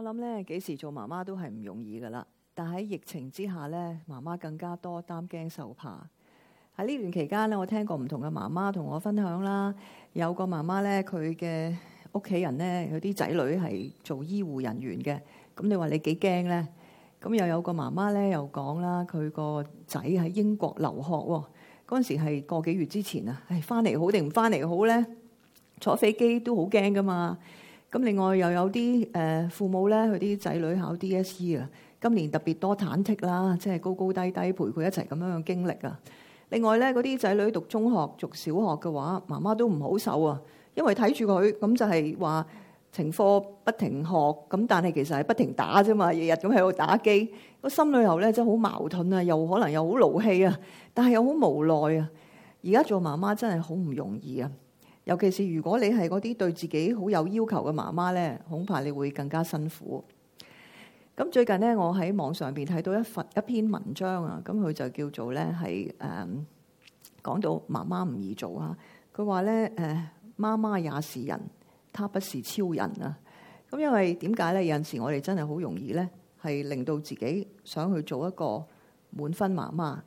我諗咧，幾時做媽媽都係唔容易噶啦。但喺疫情之下咧，媽媽更加多擔驚受怕。喺呢段期間咧，我聽過唔同嘅媽媽同我分享啦。有個媽媽咧，佢嘅屋企人咧，有啲仔女係做醫護人員嘅。咁你話你幾驚咧？咁又有個媽媽咧，又講啦，佢個仔喺英國留學喎。嗰陣時係個幾月之前啊，係翻嚟好定唔翻嚟好咧？坐飛機都好驚噶嘛。咁另外又有啲誒父母呢，佢啲仔女考 DSE 啊，今年特別多忐忑啦，即係高高低低陪佢一齊咁樣嘅經歷啊。另外呢，嗰啲仔女讀中學、讀小學嘅話，媽媽都唔好受啊，因為睇住佢，咁就係話停課不停學，咁但係其實係不停打咋嘛，日日咁喺度打機，個心裏頭呢，真係好矛盾啊，又可能又好勞氣啊，但係又好無奈啊。而家做媽媽真係好唔容易啊！尤其是如果你係嗰啲對自己好有要求嘅媽媽呢，恐怕你會更加辛苦。咁最近咧，我喺網上面睇到一篇文章啊，咁佢就叫做呢，係誒講到媽媽唔易做啊。佢話呢，「誒媽媽也是人，她不是超人」啊。咁因為點解呢？有陣時我哋真係好容易呢，係令到自己想去做一個滿分媽媽。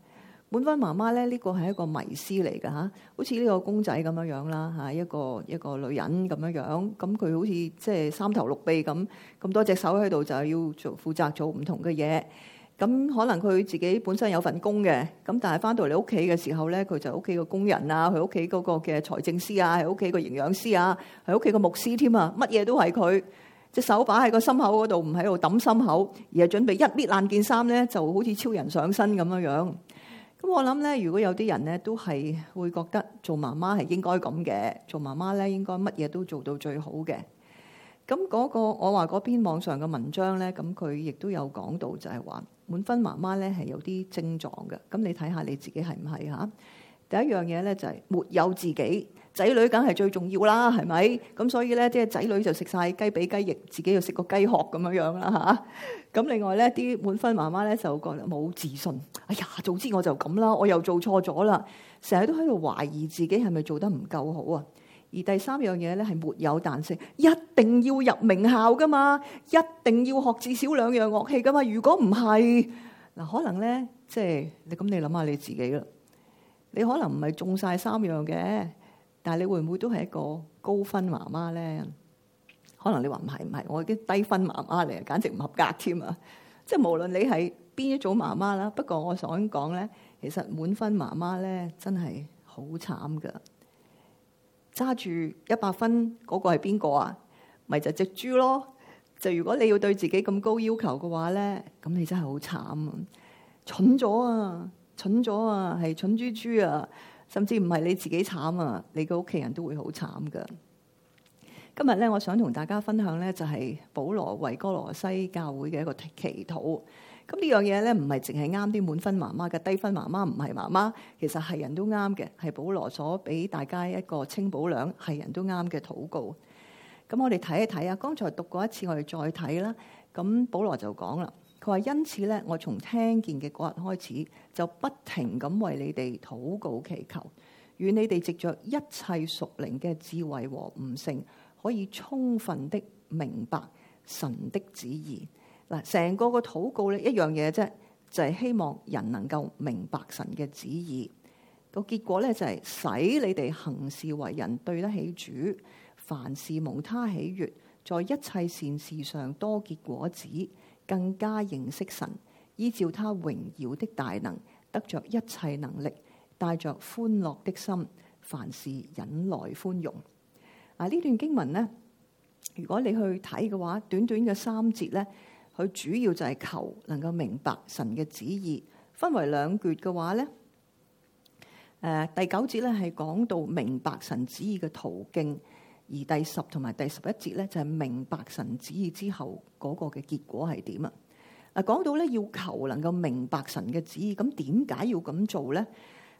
本分媽媽咧，呢、呢個係一個迷思嚟㗎嚇，好似呢個公仔咁樣樣啦嚇，一個一個女人咁樣樣，咁佢好似即係三頭六臂咁，咁多隻手喺度，就係要做負責做唔同嘅嘢。咁可能佢自己本身有份工嘅咁，但係翻到嚟屋企嘅時候咧，佢就屋企個工人啊，佢屋企嗰個嘅財政師啊，係屋企個營養師啊，係屋企個牧師添啊，乜嘢都係佢隻手擺喺個心口嗰度，唔喺度揼心口，而係準備一搣爛件衫咧，就好似超人上身咁樣樣。咁我諗咧，如果有啲人咧，都係會覺得做媽媽係應該咁嘅，做媽媽咧應該乜嘢都做到最好嘅。咁嗰個我話嗰篇網上嘅文章咧，咁佢亦都有講到，就係話滿分媽媽咧係有啲症狀嘅。咁你睇下你自己係唔係吓？第一樣嘢咧就係沒有自己。仔女梗係最重要啦，係咪？咁所以咧，即係仔女就食晒雞髀雞翼，自己又食個雞殼咁樣樣啦嚇。咁另外咧，啲滿分媽媽咧就覺得冇自信。哎呀，早知我就咁啦，我又做錯咗啦，成日都喺度懷疑自己係咪做得唔夠好啊？而第三樣嘢咧係沒有彈性，一定要入名校噶嘛，一定要學至少兩樣樂器噶嘛。如果唔係，嗱，可能咧，即係你咁，你諗下你自己啦。你可能唔係中晒三樣嘅。但係你會唔會都係一個高分媽媽咧？可能你話唔係唔係，我啲低分媽媽嚟，簡直唔合格添啊！即係無論你係邊一種媽媽啦，不過我想講咧，其實滿分媽媽咧真係好慘噶。揸住一百分嗰個係邊個啊？咪就隻豬咯！就如果你要對自己咁高要求嘅話咧，咁你真係好慘啊！蠢咗啊！蠢咗啊！係蠢豬豬啊！甚至唔係你自己慘啊，你個屋企人都會好慘噶。今日咧，我想同大家分享咧，就係保羅為歌羅西教會嘅一個祈禱。咁呢樣嘢咧，唔係淨係啱啲滿分媽媽嘅，低分媽媽唔係媽媽，其實係人都啱嘅。係保羅所俾大家一個清補涼係人都啱嘅禱告。咁我哋睇一睇啊，剛才讀過一次，我哋再睇啦。咁保羅就講啦。佢話：因此咧，我從聽見嘅嗰日開始，就不停咁為你哋禱告祈求，願你哋藉着一切屬靈嘅智慧和悟性，可以充分的明白神的旨意嗱。成個個禱告咧，一樣嘢啫，就係、是、希望人能夠明白神嘅旨意。個結果咧，就係、是、使你哋行事為人對得起主，凡事無他喜悅，在一切善事上多結果子。更加認識神，依照他榮耀的大能，得着一切能力，帶着歡樂的心，凡事忍耐寬容。啊！呢段經文呢，如果你去睇嘅話，短短嘅三節咧，佢主要就係求能夠明白神嘅旨意，分為兩段嘅話咧，誒、啊，第九節咧係講到明白神旨意嘅途徑。而第十同埋第十一節咧，就係、是、明白神旨意之後嗰、那個嘅結果係點啊？啊，講到咧，要求能夠明白神嘅旨意，咁點解要咁做咧？誒、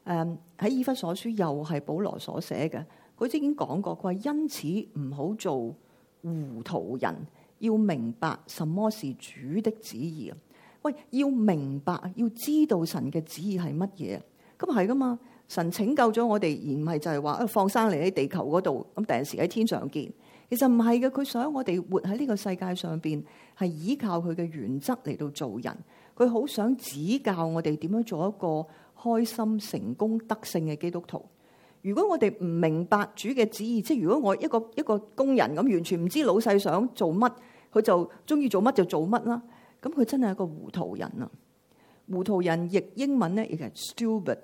嗯，喺以弗所書又係保羅所寫嘅，佢已經講過，佢話因此唔好做糊塗人，要明白什麼是主的旨意啊！喂，要明白，要知道神嘅旨意係乜嘢，咁係噶嘛？神拯救咗我哋，而唔係就係話，誒放生嚟喺地球嗰度，咁第陣時喺天上見。其實唔係嘅，佢想我哋活喺呢個世界上邊，係依靠佢嘅原則嚟到做人。佢好想指教我哋點樣做一個開心、成功、得勝嘅基督徒。如果我哋唔明白主嘅旨意，即係如果我一個一個工人咁完全唔知老細想做乜，佢就中意做乜就做乜啦。咁佢真係一個糊塗人啊！糊塗人譯英文咧，亦係 stupid。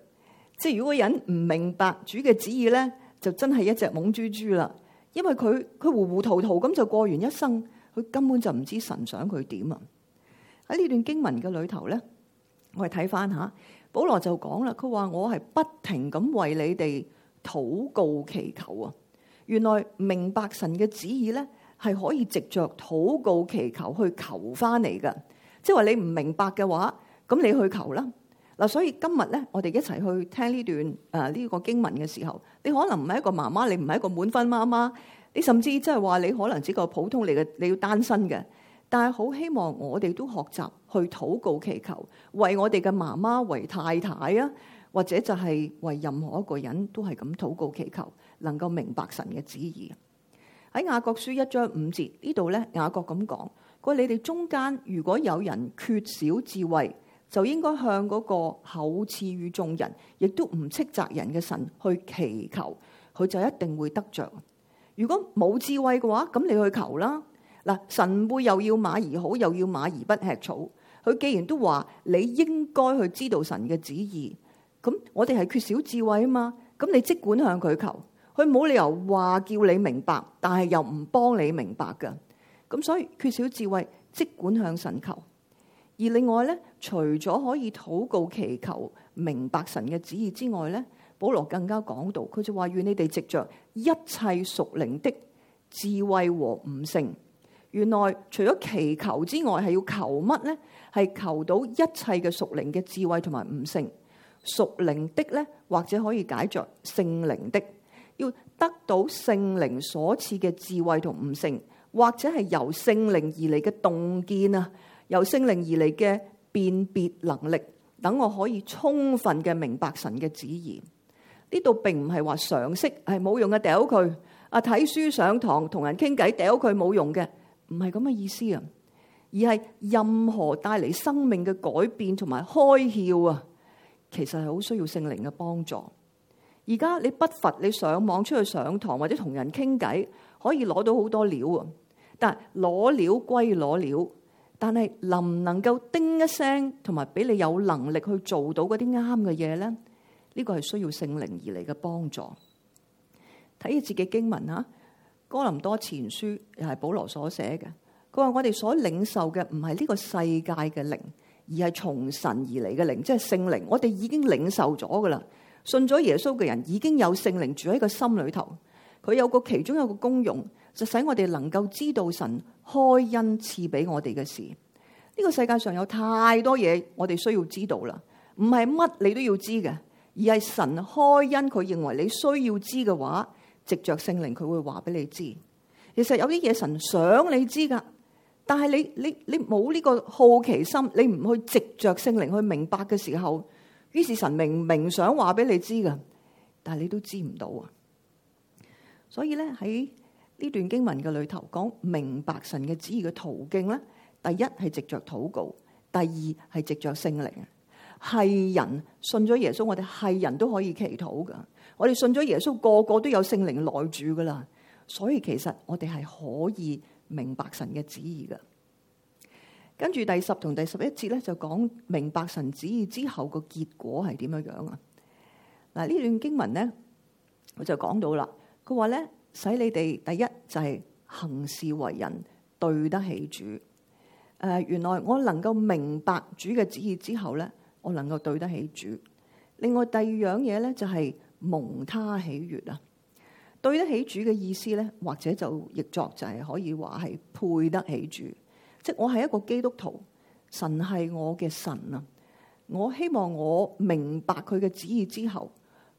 即係如果人唔明白主嘅旨意咧，就真係一隻懵豬豬啦。因為佢佢糊糊塗塗咁就過完一生，佢根本就唔知神想佢點啊！喺呢段經文嘅裏頭咧，我哋睇翻吓，保羅就講啦，佢話我係不停咁為你哋禱告祈求啊。原來明白神嘅旨意咧，係可以藉着禱告祈求去求翻嚟㗎。即係話你唔明白嘅話，咁你去求啦。嗱，所以今日咧，我哋一齊去聽呢段啊呢個經文嘅時候，你可能唔係一個媽媽，你唔係一個滿分媽媽，你甚至即係話你可能只個普通，嚟嘅你要單身嘅，但係好希望我哋都學習去禱告祈求，為我哋嘅媽媽、為太太啊，或者就係為任何一個人都係咁禱告祈求，能夠明白神嘅旨意。喺雅各書一章五節呢度咧，雅各咁講，佢話，你哋中間如果有人缺少智慧，就應該向嗰個厚賜與眾人，亦都唔斥責人嘅神去祈求，佢就一定會得着。如果冇智慧嘅話，咁你去求啦。嗱，神會又要馬兒好，又要馬兒不吃草。佢既然都話你應該去知道神嘅旨意，咁我哋係缺少智慧啊嘛。咁你即管向佢求，佢冇理由話叫你明白，但係又唔幫你明白㗎。咁所以缺少智慧，即管向神求。而另外咧，除咗可以禱告、祈求、明白神嘅旨意之外咧，保羅更加講到，佢就話：願你哋藉着，一切屬靈的智慧和悟性。原來除咗祈求之外，係要求乜咧？係求到一切嘅屬靈嘅智慧同埋悟性。屬靈的咧，或者可以解著聖靈的，要得到聖靈所賜嘅智慧同悟性，或者係由聖靈而嚟嘅洞見啊！由聖靈而嚟嘅辨別能力，等我可以充分嘅明白神嘅旨意。呢度並唔係話常識係冇用嘅，掉佢啊，睇書上堂同人傾偈，掉佢冇用嘅，唔係咁嘅意思啊。而係任何帶嚟生命嘅改變同埋開竅啊，其實係好需要聖靈嘅幫助。而家你不乏你上網出去上堂或者同人傾偈，可以攞到好多料啊。但係攞料歸攞料。但係能唔能夠叮一聲，同埋俾你有能力去做到嗰啲啱嘅嘢咧？呢個係需要聖靈而嚟嘅幫助。睇住自己經文啊，《哥林多前書》又係保羅所寫嘅。佢話我哋所領受嘅唔係呢個世界嘅靈，而係從神而嚟嘅靈，即係聖靈。我哋已經領受咗噶啦，信咗耶穌嘅人已經有聖靈住喺個心裏頭。佢有個其中一個功用，就使我哋能夠知道神，開恩賜俾我哋嘅事，呢個世界上有太多嘢，我哋需要知道啦。唔係乜你都要知嘅，而係神開恩，佢認為你需要知嘅話，直着聖靈佢會話俾你知。其實有啲嘢神想你知噶，但係你你你冇呢個好奇心，你唔去直着聖靈去明白嘅時候，於是神明明想話俾你知噶，但係你都知唔到啊。所以咧喺。呢段經文嘅裏頭講明白神嘅旨意嘅途徑咧，第一係藉着禱告，第二係藉着聖靈。係人信咗耶穌，我哋係人都可以祈禱噶。我哋信咗耶穌，個個都有聖靈內住噶啦。所以其實我哋係可以明白神嘅旨意噶。跟住第十同第十一節咧，就講明白神旨意之後個結果係點樣樣啊？嗱，呢段經文咧，我就講到啦。佢話咧。使你哋第一就係、是、行事為人對得起主。誒、呃，原來我能夠明白主嘅旨意之後咧，我能夠對得起主。另外第二樣嘢咧就係、是、蒙他喜悅啊。對得起主嘅意思咧，或者就譯作就係可以話係配得起主，即係我係一個基督徒，神係我嘅神啊。我希望我明白佢嘅旨意之後。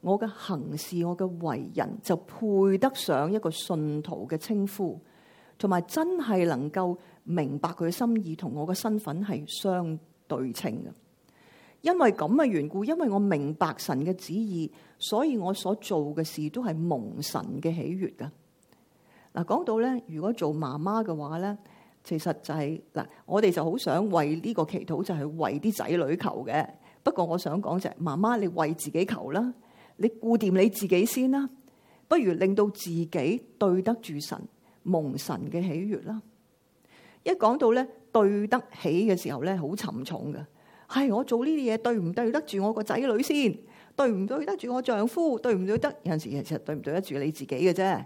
我嘅行事，我嘅為人，就配得上一個信徒嘅稱呼，同埋真係能夠明白佢嘅心意，同我嘅身份係相對稱嘅。因為咁嘅緣故，因為我明白神嘅旨意，所以我所做嘅事都係蒙神嘅喜悅嘅。嗱，講到咧，如果做媽媽嘅話咧，其實就係嗱，我哋就好想為呢個祈禱，就係為啲仔女求嘅。不過我想講就係，媽媽你為自己求啦。你顧掂你自己先啦，不如令到自己對得住神，蒙神嘅喜悅啦。一講到咧對得起嘅時候咧，好沉重噶。係、哎、我做呢啲嘢，對唔對得住我個仔女先，對唔對得住我丈夫，對唔對得有陣時其實對唔對得住你自己嘅啫。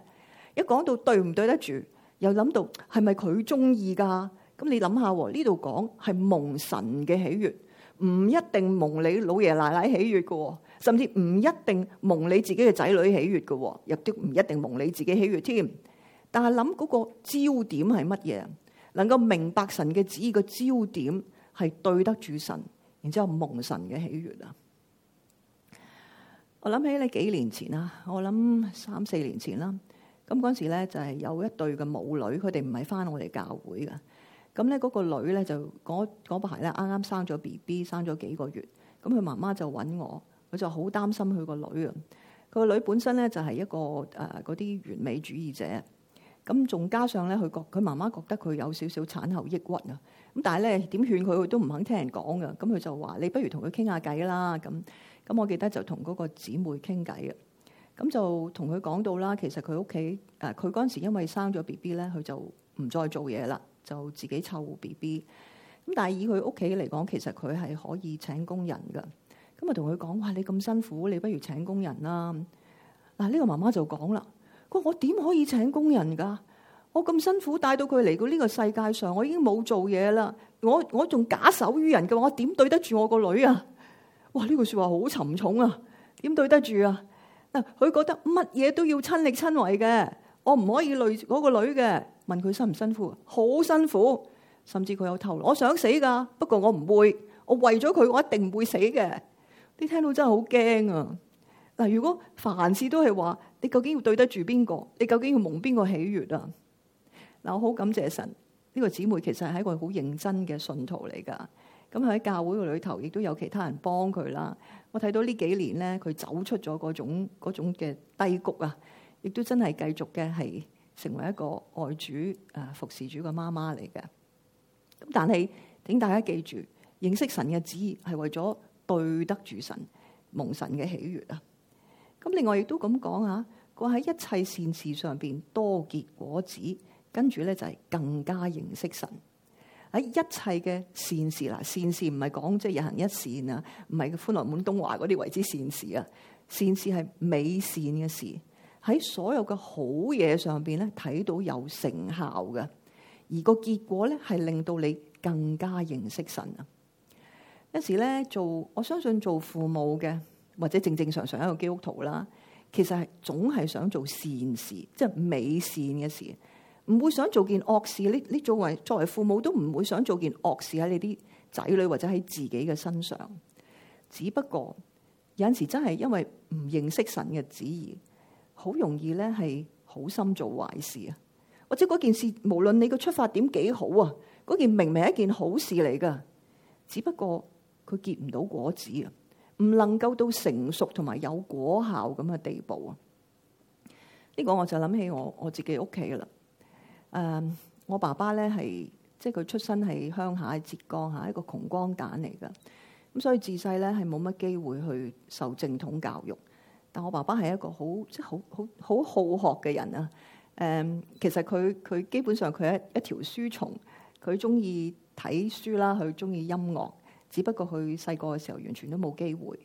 一講到對唔對得住，又諗到係咪佢中意噶？咁你諗下呢度講係蒙神嘅喜悅，唔一定蒙你老爺奶奶喜悦噶。甚至唔一定蒙你自己嘅仔女喜悅嘅，哦，亦都唔一定蒙你自己喜悅添。但係諗嗰個焦點係乜嘢？能夠明白神嘅旨意嘅焦點係對得住神，然之後蒙神嘅喜悅啊！我諗起你幾年前啦，我諗三四年前啦，咁嗰時咧就係有一對嘅母女，佢哋唔係翻我哋教會嘅。咁咧嗰個女咧就嗰嗰排咧啱啱生咗 BB，生咗幾個月，咁佢媽媽就揾我。佢就好擔心佢個女啊，佢個女本身咧就係一個誒嗰啲完美主義者，咁仲加上咧佢覺佢媽媽覺得佢有少少產後抑鬱啊，咁但係咧點勸佢佢都唔肯聽人講噶，咁佢就話你不如同佢傾下偈啦，咁咁我記得就同嗰個姊妹傾偈啊，咁就同佢講到啦，其實佢屋企誒佢嗰陣時因為生咗 B B 咧，佢就唔再做嘢啦，就自己湊 B B，咁但係以佢屋企嚟講，其實佢係可以請工人噶。咁啊，同佢講話，你咁辛苦，你不如請工人啦。嗱，呢個媽媽就講啦，佢話我點可以請工人㗎？我咁辛苦帶到佢嚟到呢個世界上，我已經冇做嘢啦。我我仲假手於人嘅話，我點對得住我個女啊？哇！呢句說話好沉重啊，點對得住啊？佢覺得乜嘢都要親力親為嘅，我唔可以累嗰個女嘅。問佢辛唔辛苦？好辛苦，甚至佢有偷，我想死㗎，不過我唔會。我為咗佢，我一定唔會死嘅。你聽到真係好驚啊！嗱，如果凡事都係話，你究竟要對得住邊個？你究竟要蒙邊個喜悅啊？嗱，我好感謝神。呢個姊妹其實係一個好認真嘅信徒嚟噶。咁喺教會嘅裏頭亦都有其他人幫佢啦。我睇到呢幾年咧，佢走出咗嗰種嗰種嘅低谷啊，亦都真係繼續嘅係成為一個愛主啊服侍主嘅媽媽嚟嘅。咁但係請大家記住，認識神嘅旨意係為咗。對得住神蒙神嘅喜悦啊！咁另外亦都咁講啊，過喺一切善事上邊多結果子，跟住咧就係更加認識神喺一切嘅善事嗱，善事唔係講即係日行一善啊，唔係嘅歡樂滿東華嗰啲為之善事啊，善事係美善嘅事，喺所有嘅好嘢上邊咧睇到有成效嘅，而個結果咧係令到你更加認識神啊！有時咧做，我相信做父母嘅或者正正常常一個基督徒啦，其實係總係想做善事，即係美善嘅事，唔會想做件惡事。呢你，你作為作為父母都唔會想做件惡事喺你啲仔女或者喺自己嘅身上。只不過有陣時真係因為唔認識神嘅旨意，好容易咧係好心做壞事啊！或者嗰件事，無論你嘅出發點幾好啊，嗰件明明係一件好事嚟噶，只不過。佢結唔到果子啊，唔能夠到成熟同埋有果效咁嘅地步啊。呢個我就諗起我我自己屋企噶啦。誒、um,，我爸爸咧係即係佢出身喺鄉下，浙江嚇一個窮光蛋嚟噶。咁所以自細咧係冇乜機會去受正統教育。但我爸爸係一個好即係好好好好學嘅人啊。誒、um,，其實佢佢基本上佢係一一條書蟲，佢中意睇書啦，佢中意音樂，只不過佢細個嘅時候完全都冇機會，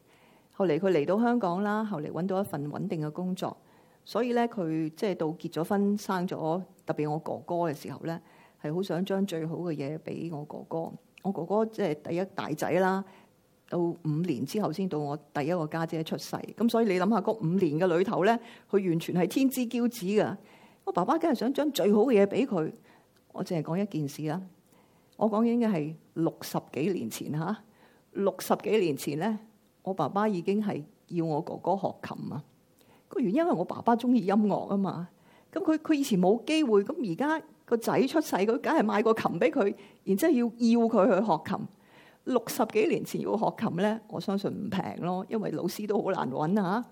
後嚟佢嚟到香港啦，後嚟揾到一份穩定嘅工作，所以咧佢即係到結咗婚生咗，特別我哥哥嘅時候咧，係好想將最好嘅嘢俾我哥哥。我哥哥即係第一大仔啦，到五年之後先到我第一個家姐出世，咁所以你諗下嗰五年嘅裏頭咧，佢完全係天之驕子㗎。我爸爸梗係想將最好嘅嘢俾佢，我淨係講一件事啦。我講緊嘅係六十幾年前嚇，六十幾年前咧，我爸爸已經係要我哥哥學琴啊。個原因因為我爸爸中意音樂啊嘛，咁佢佢以前冇機會，咁而家個仔出世，佢梗係買個琴俾佢，然之後要要佢去學琴。六十幾年前要學琴咧，我相信唔平咯，因為老師都好難揾嚇。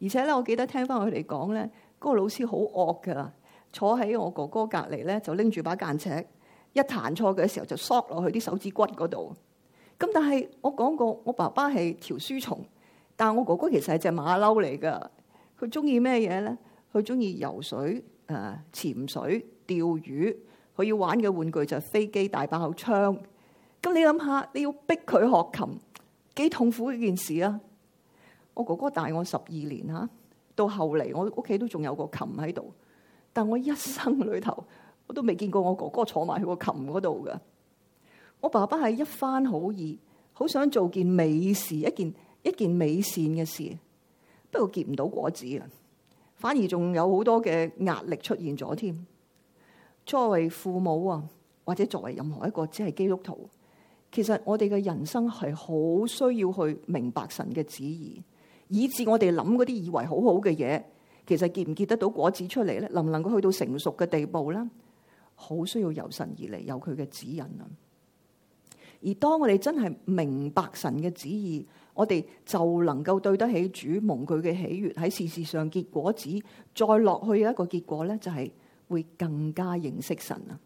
而且咧，我記得聽翻佢哋講咧，嗰個老師好惡噶，坐喺我哥哥隔離咧就拎住把間尺。一彈錯嘅時候就縮落去啲手指骨嗰度。咁但係我講過，我爸爸係條書蟲，但我哥哥其實係隻馬騮嚟噶。佢中意咩嘢咧？佢中意游水、呃、潛水、誒潛水、釣魚。佢要玩嘅玩具就係飛機、大爆槍。咁你諗下，你要逼佢學琴，幾痛苦一件事啊！我哥哥大我十二年啊，到後嚟我屋企都仲有一個琴喺度，但我一生裏頭。我都未見過我哥哥坐埋去個琴嗰度㗎。我爸爸係一番好意，好想做件美事，一件一件美善嘅事，不過結唔到果子啊，反而仲有好多嘅壓力出現咗添。作為父母啊，或者作為任何一個只係基督徒，其實我哋嘅人生係好需要去明白神嘅旨意，以致我哋諗嗰啲以為好好嘅嘢，其實結唔結得到果子出嚟咧？能唔能夠去到成熟嘅地步咧？好需要由神而嚟，有佢嘅指引啊！而當我哋真係明白神嘅旨意，我哋就能夠對得起主，蒙佢嘅喜悅喺事事上的結果子。再落去一個結果咧，就係會更加認識神啊！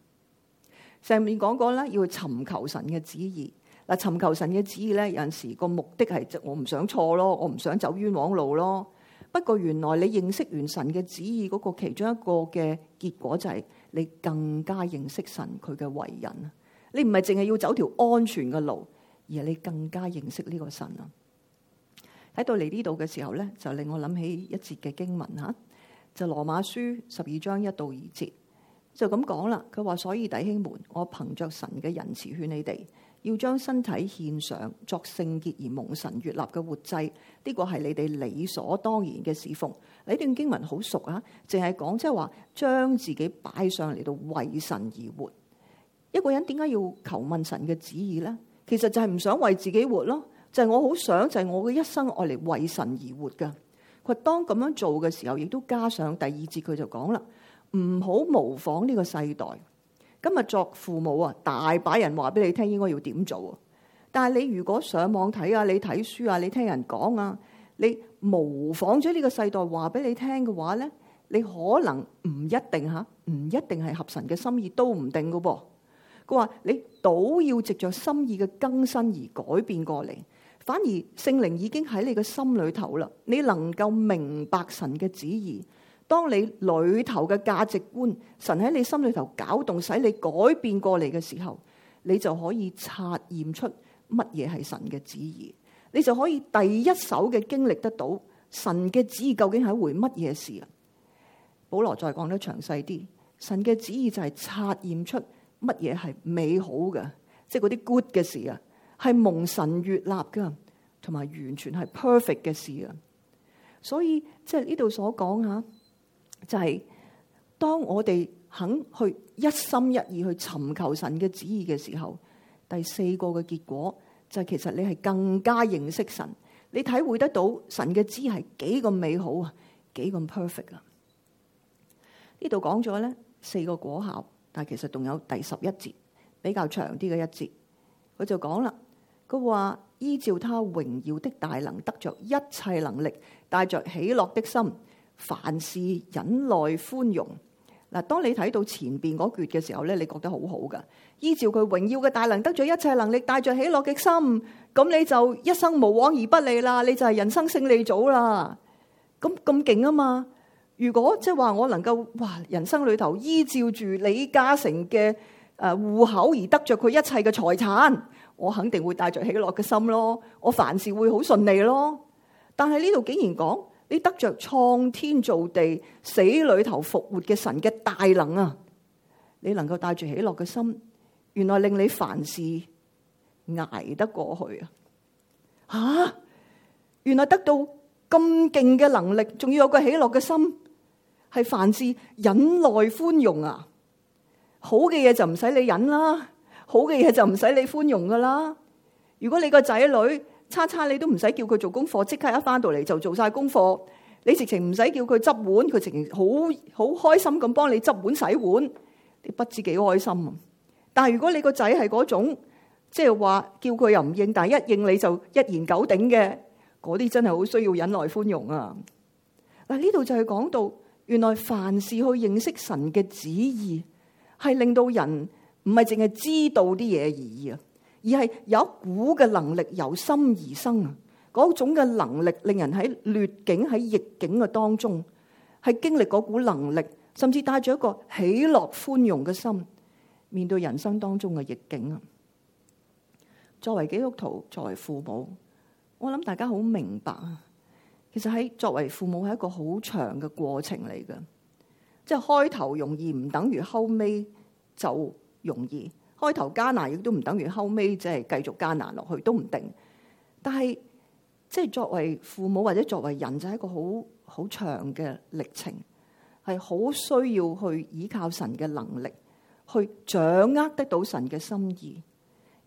上面講過啦，要尋求神嘅旨意嗱，尋求神嘅旨意咧，有陣時個目的係我唔想錯咯，我唔想走冤枉路咯。不過原來你認識完神嘅旨意嗰個其中一個嘅結果就係、是。你更加認識神佢嘅為人，你唔係淨係要走條安全嘅路，而係你更加認識呢個神啊！喺到嚟呢度嘅時候咧，就令我諗起一節嘅經文嚇，就羅馬書十二章一到二節就咁講啦。佢話：所以弟兄們，我憑着神嘅仁慈勸你哋。要將身體獻上，作聖潔而蒙神悅納嘅活祭，呢個係你哋理所當然嘅事奉。呢段經文好熟啊，淨係講即係話將自己擺上嚟到為神而活。一個人點解要求問神嘅旨意咧？其實就係唔想為自己活咯，就係、是、我好想就係我嘅一生愛嚟為神而活㗎。佢當咁樣做嘅時候，亦都加上第二節，佢就講啦：唔好模仿呢個世代。今日作父母啊，大把人話俾你聽應該要點做啊。但係你如果上網睇啊、你睇書啊、你聽人講啊，你模仿咗呢個世代話俾你聽嘅話咧，你可能唔一定嚇，唔一定係合神嘅心意都唔定㗎噃。佢話你倒要藉着心意嘅更新而改變過嚟，反而聖靈已經喺你嘅心裏頭啦，你能夠明白神嘅旨意。當你裏頭嘅價值觀，神喺你心裏頭攪動，使你改變過嚟嘅時候，你就可以察驗出乜嘢係神嘅旨意。你就可以第一手嘅經歷得到神嘅旨意究竟係一回乜嘢事啊？保羅再講得詳細啲，神嘅旨意就係察驗出乜嘢係美好嘅，即係嗰啲 good 嘅事啊，係蒙神悅納噶，同埋完全係 perfect 嘅事啊。所以即係呢度所講吓。就係、是、當我哋肯去一心一意去尋求神嘅旨意嘅時候，第四個嘅結果就係、是、其實你係更加認識神，你體會得到神嘅旨意係幾咁美好啊，幾咁 perfect 啊。呢度講咗咧四個果效，但係其實仲有第十一節比較長啲嘅一節，佢就講啦，佢話依照他榮耀的大能得着一切能力，帶着喜樂的心。凡事忍耐寬容嗱，當你睇到前邊嗰句嘅時候咧，你覺得好好噶。依照佢榮耀嘅大能得咗一切能力，帶着喜樂嘅心，咁你就一生無往而不利啦，你就係人生勝利組啦。咁咁勁啊嘛！如果即係話我能夠哇，人生裏頭依照住李嘉誠嘅誒戶口而得着佢一切嘅財產，我肯定會帶着喜樂嘅心咯，我凡事會好順利咯。但係呢度竟然講。你得着創天造地、死裏頭復活嘅神嘅大能啊！你能夠帶住喜樂嘅心，原來令你凡事捱得過去啊！吓、啊，原來得到咁勁嘅能力，仲要有個喜樂嘅心，係凡事忍耐寬容啊！好嘅嘢就唔使你忍啦，好嘅嘢就唔使你寬容㗎啦。如果你個仔女，叉叉，你都唔使叫佢做功課，即刻一翻到嚟就做晒功課。你直情唔使叫佢執碗，佢直情好好開心咁幫你執碗洗碗。你不知幾開心。但係如果你個仔係嗰種，即係話叫佢又唔應，但係一應你就一言九鼎嘅嗰啲，那些真係好需要忍耐寬容啊！嗱，呢度就係講到原來凡事去認識神嘅旨意，係令到人唔係淨係知道啲嘢而已啊！而係有一股嘅能力由心而生啊！嗰種嘅能力令人喺劣境、喺逆境嘅當中，係經歷嗰股能力，甚至帶住一個喜樂寬容嘅心面對人生當中嘅逆境啊！作為基督徒，作為父母，我諗大家好明白啊！其實喺作為父母係一個好長嘅過程嚟嘅，即係開頭容易唔等於後尾就容易。開頭艱難，亦都唔等於後尾，即係繼續艱難落去都唔定。但係即係作為父母或者作為人，就係、是、一個好好長嘅歷程，係好需要去依靠神嘅能力，去掌握得到神嘅心意。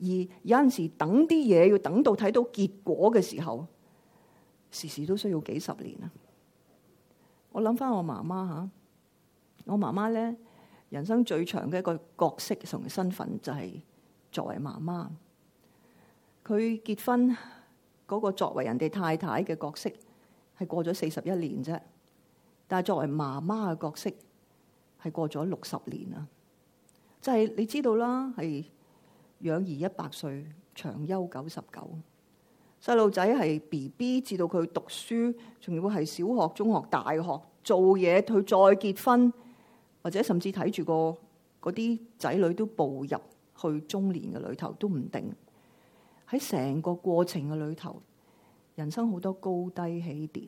而有陣時等啲嘢，要等到睇到結果嘅時候，時時都需要幾十年啊！我諗翻我媽媽吓，我媽媽咧。人生最長嘅一個角色同身份就係作為媽媽，佢結婚嗰個作為人哋太太嘅角色係過咗四十一年啫，但係作為媽媽嘅角色係過咗六十年啦。就係你知道啦，係養兒一百歲，長憂九十九。細路仔係 BB 至到佢讀書，仲要係小學、中學、大學做嘢，佢再結婚。或者甚至睇住個嗰啲仔女都步入去中年嘅裏頭都唔定，喺成個過程嘅裏頭，人生好多高低起跌，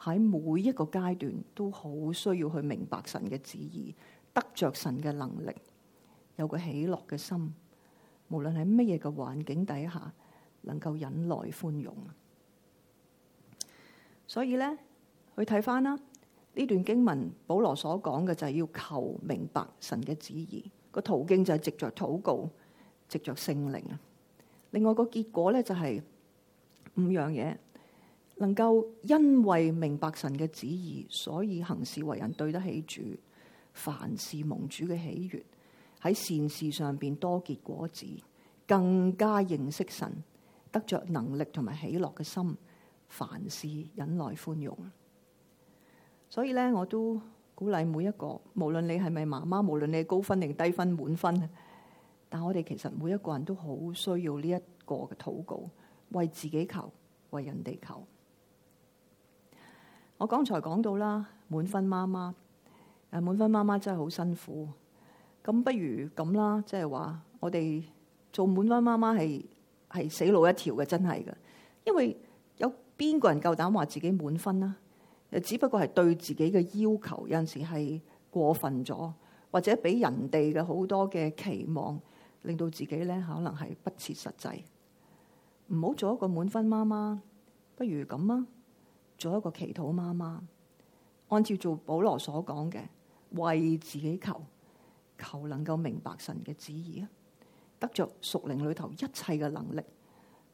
喺每一個階段都好需要去明白神嘅旨意，得着神嘅能力，有個喜樂嘅心，無論喺乜嘢嘅環境底下，能夠忍耐寬容。所以咧，去睇翻啦。呢段經文保羅所講嘅就係要求明白神嘅旨意，個途徑就係藉着禱告、藉着聖靈啊。另外一個結果咧就係五樣嘢，能夠因為明白神嘅旨意，所以行事為人對得起主，凡事蒙主嘅喜悅，喺善事上邊多結果子，更加認識神，得着能力同埋喜樂嘅心，凡事忍耐寬容。所以咧，我都鼓勵每一個，無論你係咪媽媽，無論你係高分定低分滿分，但我哋其實每一個人都好需要呢一個嘅禱告，為自己求，為人哋求。我剛才講到啦，滿分媽媽，誒、呃、滿分媽媽真係好辛苦。咁不如咁啦，即係話我哋做滿分媽媽係係死路一條嘅，真係㗎。因為有邊個人夠膽話自己滿分啊？只不過係對自己嘅要求有陣時係過分咗，或者俾人哋嘅好多嘅期望，令到自己咧可能係不切實際。唔好做一個滿分媽媽，不如咁啊，做一個祈禱媽媽。按照做保羅所講嘅，為自己求，求能夠明白神嘅旨意啊，得着屬靈裏頭一切嘅能力，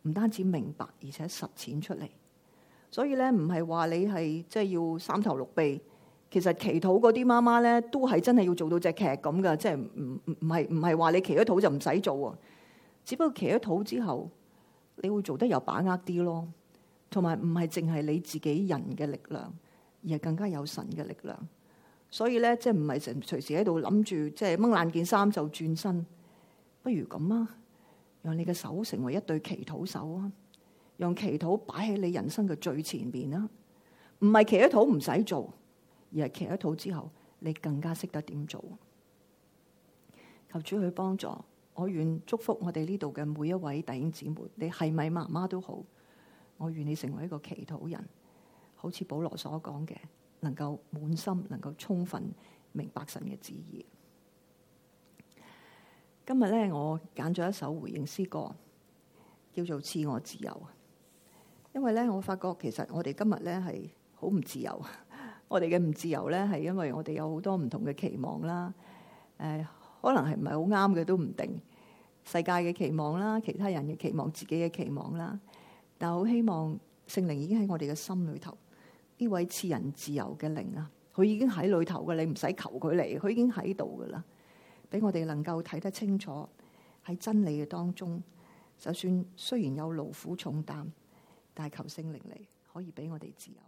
唔單止明白，而且實踐出嚟。所以咧，唔係話你係即係要三頭六臂。其實祈禱嗰啲媽媽咧，都係真係要做到隻劇咁嘅，即係唔唔唔係唔係話你祈咗禱就唔使做啊。只不過祈咗禱之後，你會做得有把握啲咯。同埋唔係淨係你自己人嘅力量，而係更加有神嘅力量。所以咧，即係唔係成隨時喺度諗住即係掹爛件衫就轉身，不如咁啊，讓你嘅手成為一對祈禱手啊！用祈禱擺喺你人生嘅最前面啦，唔係祈咗禱唔使做，而係祈咗禱之後，你更加識得點做。求主去幫助，我願祝福我哋呢度嘅每一位弟兄姊妹。你係咪媽媽都好，我願你成為一個祈禱人，好似保羅所講嘅，能夠滿心能夠充分明白神嘅旨意。今日咧，我揀咗一首回應詩歌，叫做《賜我自由》。因為咧，我發覺其實我哋今日咧係好唔自由。我哋嘅唔自由咧，係因為我哋有好多唔同嘅期望啦。誒，可能係唔係好啱嘅都唔定。世界嘅期望啦，其他人嘅期望，自己嘅期望啦。但係好希望聖靈已經喺我哋嘅心裡頭。呢位賜人自由嘅靈啊，佢已經喺裡頭嘅，你唔使求佢嚟，佢已經喺度嘅啦。俾我哋能夠睇得清楚喺真理嘅當中，就算雖然有勞苦重擔。但求勝利嚟，可以俾我哋自由。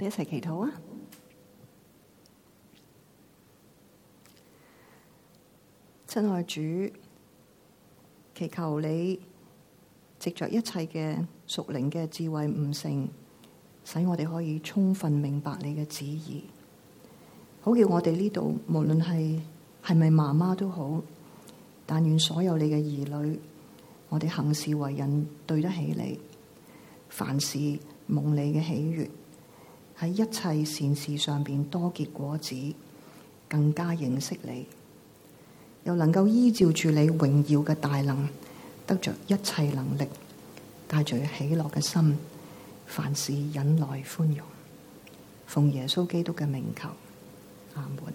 我哋一齊祈禱啊！親愛主，祈求你藉着一切嘅屬靈嘅智慧悟性，使我哋可以充分明白你嘅旨意。好叫我哋呢度無論係係咪媽媽都好，但願所有你嘅兒女，我哋行事為人對得起你，凡事蒙你嘅喜悅。喺一切善事上面多結果子，更加認識你，又能夠依照住你榮耀嘅大能，得着一切能力，帶着喜樂嘅心，凡事忍耐寬容，奉耶穌基督嘅名求，阿門。